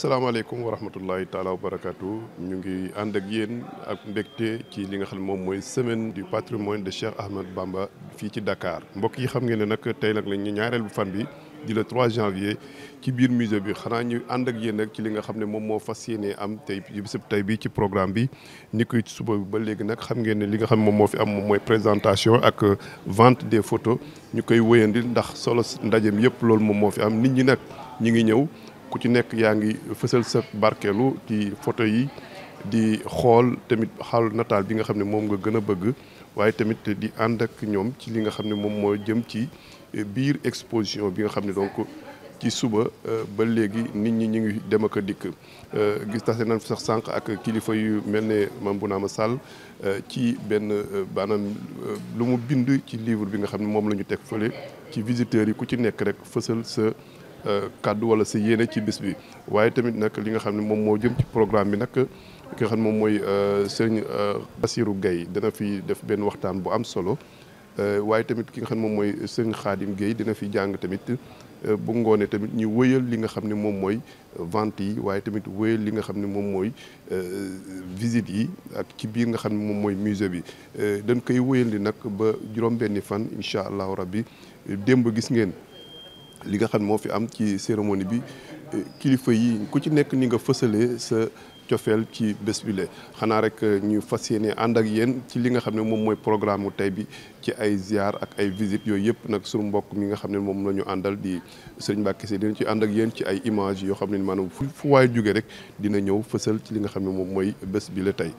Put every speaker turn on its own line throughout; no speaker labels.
assalamu alaykum wa rahmatullahi taala wa barakatuh ñu ngi and ak yeen ak mbekté ci li nga xam mom moy semaine du patrimoine de Cheikh Ahmed Bamba fi ci Dakar mbokk yi xam ngeen ne nag tey nag la ñu ñaareel bu fan bi di le 3 janvier ci biir musée bi xana ñu and ak yeen nak ci li nga xam ne moom moo fas yéenee am tey bisub tey bi ci programme bi ni koy suba ba léegi nag xam ngeen ne li nga xam ne moom moo fi am moom mooy présentation ak vente des photos ñu koy wéyandi ndax solo ndajeem yépp loolu moom moo fi am nit ñi nag ñi ngi ñëw ku ci nekk yaa ngi fësal sa barkeelu ci photo yi di xool tamit xaalu nataal bi nga xam ne moom nga gën a bëgg waaye tamit di ànd ak ñoom ci li nga xam ne moom moo jëm ci biir exposition bi nga xam ne donc ci suba euh, ba léegi nit ñi ñu ngi dem ak dikk euh, gis tase nañ sax sànq ak kilifa yu mel ne Mame a Sall euh, ci benn maanaam lu mu bind ci livre bi nga xam ne moom la ñu teg fële ci visiteurs yi ku ci nekk rek fësal sa Euh, kàddu wala sa yéene ci bis bi waaye tamit nag li nga xam ne moom moo jëm ci programme bi nag ki nga xam ne moom mooy euh, sëriñ euh, Bassirou Gueye dana fi def benn waxtaan bu am solo waaye tamit ki nga xam ne moom mooy sëriñ Khadim Gueye dina fi jàng tamit bu ngoonee tamit ñu wëyal li nga xam ne moom mooy vente yi waaye tamit wëyal li nga xam ne moom mooy visite yi ak ci biir nga xam ne moom mooy musée bi dan koy wëyal li nag ba juróom-benni fan incha allahu rabbi démb gis ngeen li nga xam ne moo fi am ci cérémonie bi kilifa yi ku ci nekk ni nga fësalee sa cofeel ci bés bi xanaa rek euh, ñuy fas yéene ànd ak yéen ci li nga xam ne moom mooy programme mu tey bi ci ay ziar ak ay visite yooyu yëpp nag su mbokk mi nga xam ne moom la ñu àndal di Serigne Mbacké Sy ci ànd ak yéen ci ay image yoo xam ne maanaam fu fu waay jóge rek dina ñëw fësal ci li nga xam ne moom mooy bés bile tey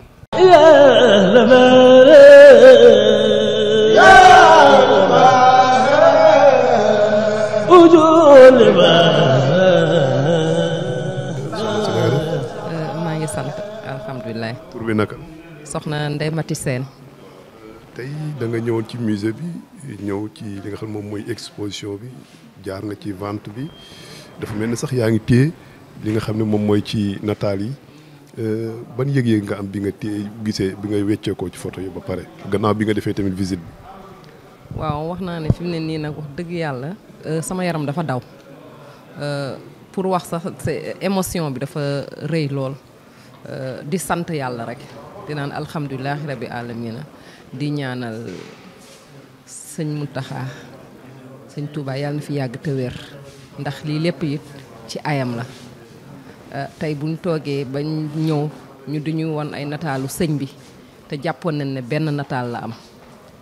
maa ngi sant alhamdulilah. pour bi naka. soxna Ndeye Mati Sène.
tey da nga ñëwoon ci musée bi ñëw ci li nga xam moom mooy exposition bi jaar na ci vente bi dafa mel ni sax yaa ngi téye li nga xam ne moom mooy ci nataal yi euh, ban yëg-yëg nga am bi nga téye gisee bi nga wecceekoo ci photo yi ba pare gannaaw bi nga defee tamit visite bi.
waaw wax naa ne fi mu ne nii nag dëgg yàlla euh, sama yaram dafa daw euh, pour wax sax émotion bi dafa rëy lool euh, di sant yàlla rek di naan alhamdulilahi rabi alamina di ñaanal sëñ Muntaxa sëñ Touba yàlla na fi yàgg te ndax lii lépp it ci ayam la tey buñ toogee ba ñëw ñu di ñu won ay nataalu sëñ bi te jàppoon nañ ne benn nataal la am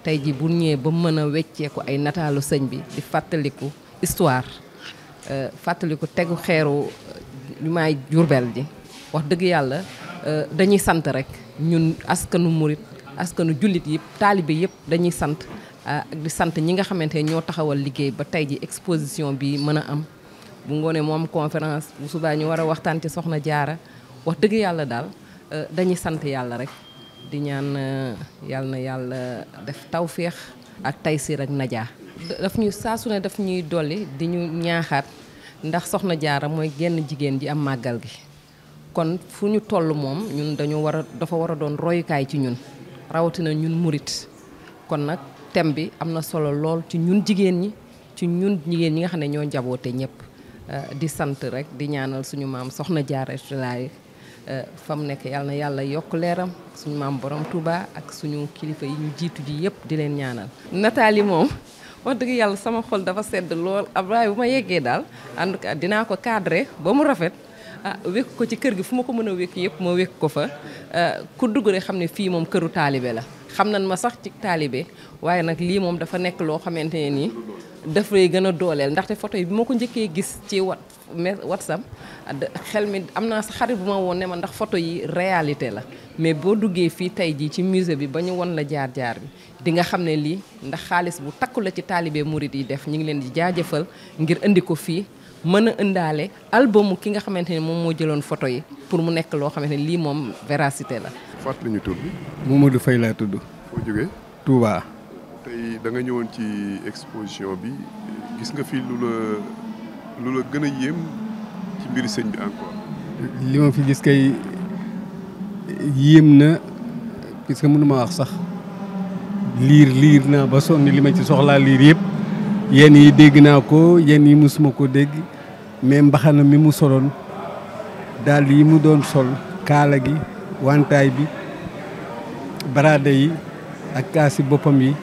tey ji bu ñëwee ba mën a wecceeku ay nataalu sëñ bi di fàttaliku histoire euh, fàttaliku tegu xeeru euh, jumaay Jurbel ji wax dëgg yàlla euh, dañuy sant rek ñun askanu murit askanu jullit yëpp taalibe yëpp dañuy sant ak di sant ñi nga xamante ne ñoo taxawal liggéey ba tey ji exposition bi mën a am bu ngoonee moom conférence bu subaa ñu war a waxtaan ci soxna jaara wax dëgg yàlla daal dañuy sant yàlla rek di ñaan euh, yal na yàlla def tawféex ak taysiir ak najaa daf ñu saa su ne daf ñuy dolli di ñu ñaaxaat ndax soxna jaara mooy genn jigéen ji am màggal gi kon fu ñu toll moom ñun dañu war dafa war a doon royukaay ci ñun rawatina ñun murit kon nag thème bi am na solo lool ci ñun jigéen ñi ci ñun jigéen ñi nga xam ne ñoo njaboote ñëpp euh, di sant rek di ñaanal suñu maam soxna jaara laay Eh, fa mu nekk yàlla na yàlla yokk leeram suñu maam borom Touba ak suñu kilifa yi ñu jiitu ji yëpp di leen ñaanal. nataal yi moom wax dëgg yàlla sama xol dafa sedd lool Abdoulaye bu ma yeggee daal en tout dinaa ko cadré ba mu rafet. ah wékk ko ci kër gi fu ma ko mën a wékk yëpp ma wékk ko fa eh, ku dugg xam ne fii moom këru taalibe la. xam ma sax ci talibé waye nak li mom dafa nek lo xamanteni ne nii dafay gën a dooleel ndaxte photo yi bi ma ko njëkkee gis ci WhatsApp xel mi am naa xarit bu ma woon ne ma ndax photo yi réalité la mais bo duggé fi tay ji ci musée bi bañu won la jaar-jaar bi di nga xamné li ndax xaalis bu takku la ci talibé mouride yi def ñi ngi leen di jaajeufal ngir andi ko fi mëna ëndalé album ki nga xamanteni mom mo jëlone photo yi pour mu nek lo xamanteni li mom véracité la
fàttali ñu tur bi. Mamadou Faye laa tudd. foo jógee. Touba. tey da ñëwoon ci exposition bi gis nga fi lu la lu la gën a yéem ci mbiri sëñ bi encore.
li ma fi gis kay yéem na parce que mënuma wax sax liir liir naa ba sonn li ma ci soxlaa liir yëpp yenn yi dégg naa ko yenn yi musuma ko dégg mais mbaxana mi mu soloon daal yi mu doon sol kaala gi. wantaay bi baraada yi ak kaasi boppam yi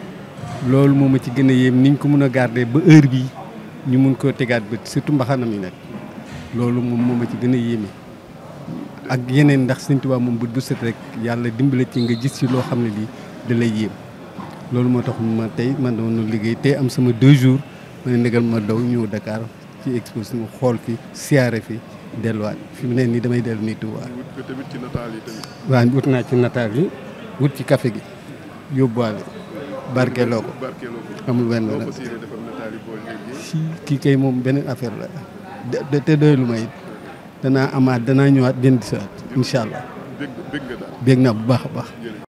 loolu moom ma ci gën a yéem niñ ko mën a garder ba heure bi ñu mun koo tegaat bët surtout mbaxanam yi nag loolu moom moo ma ci gën a yéeme ak yeneen ndax Sëñ Tuubaa moom bët bu set rek yàlla dimbale ci nga gis si loo xam ne lii da lay yéem loolu moo tax ma tey ma doon liggéey tey am sama deux jours ma ne negal ma daw ñëw Dakar ci exposition xool fi siyaare fi delluwaat fi mu ne nii damay dellu nii Touba. wut
tamit nataal
yi wut naa ci nataal yi wut ci kafe gi yóbbuwaale barkeeloo ko amul benn la kii kay moom beneen affaire la de te doy lu danaa amaat danaa ñëwaat jëndi saat incha allah. bëgg na bu baax a baax.